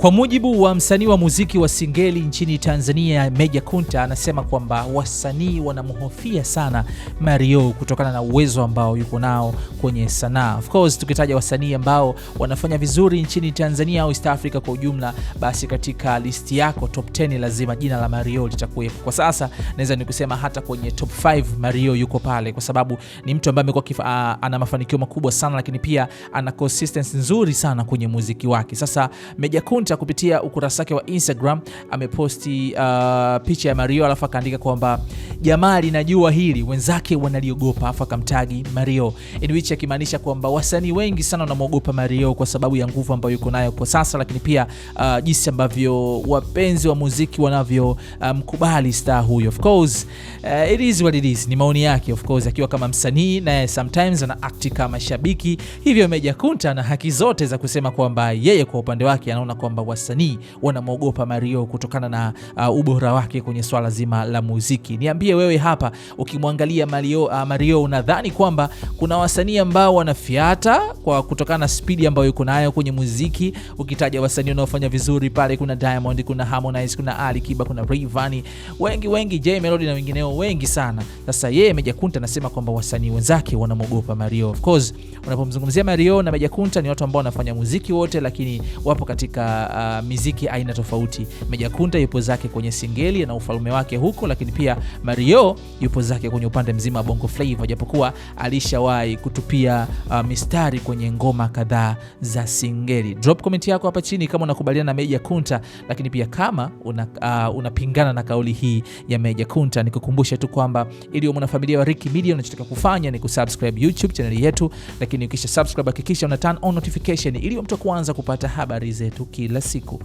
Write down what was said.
Kwa mujibu wa msanii wa muziki wa singeli nchini Tanzania, Meja Kunta anasema kwamba wasanii wanamhofia sana Mario kutokana na uwezo ambao yuko nao kwenye sanaa. Of course, tukitaja wasanii ambao wanafanya vizuri nchini Tanzania au East Africa kwa ujumla, basi katika listi yako top 10 lazima jina la Mario litakuwepo. Kwa sasa naweza nikusema hata kwenye top 5 Mario yuko pale, kwa sababu ni mtu ambaye amekuwa ana mafanikio makubwa sana, lakini pia ana consistency nzuri sana kwenye muziki wake. Sasa Meja Kunta Twitter kupitia ukurasa wake wa Instagram ameposti uh, picha ya Mario alafu akaandika kwamba jamaa linajua hili, wenzake wanaliogopa, afu akamtagi Mario, in which akimaanisha kwamba wasanii wengi sana wanamwogopa Mario kwa sababu ya nguvu ambayo yuko nayo kwa sasa, lakini pia uh, jinsi ambavyo wapenzi wa muziki wanavyomkubali uh, um, star huyo. Of course uh, it is what it is, ni maoni yake of course, akiwa kama msanii naye sometimes ana act kama shabiki hivyo. Meja Kunta na haki zote za kusema kwamba yeye kwa upande wake anaona kwamba wasanii wanamwogopa Mario kutokana na uh, ubora wake kwenye swala zima la muziki. Niambie je, wewe hapa ukimwangalia Mario, uh, Mario unadhani kwamba kuna wasanii ambao wanafiata kwa kutokana na spidi ambayo yuko nayo kwenye muziki? Ukitaja wasanii wanaofanya vizuri pale, kuna Diamond, kuna Harmonize, kuna Ali Kiba, kuna Rayvanny, wengi wengi, Jay Melody na wengineo wengi sana. Sasa yeye Meja Kunta anasema kwamba wasanii wenzake wanamwogopa Mario. Of course, unapomzungumzia Mario na Meja Kunta ni watu ambao wanafanya muziki wote, lakini wapo katika uh, miziki aina tofauti. Meja Kunta yupo zake kwenye singeli na ufalme wake huko, lakini pia Mario Mario yupo zake kwenye upande mzima wa Bongo Flava, japokuwa alishawahi kutupia uh, mistari kwenye ngoma kadhaa za Singeli. Drop comment yako hapa chini kama unakubaliana na Meja Kunta, lakini pia kama una, uh, unapingana na kauli hii ya Meja Kunta. Nikukumbusha tu kwamba ili mwanafamilia wa Rick Media unachotaka kufanya ni kusubscribe YouTube channel yetu, lakini ukisha subscribe hakikisha una turn on notification ili mtu kuanza kupata habari zetu kila siku.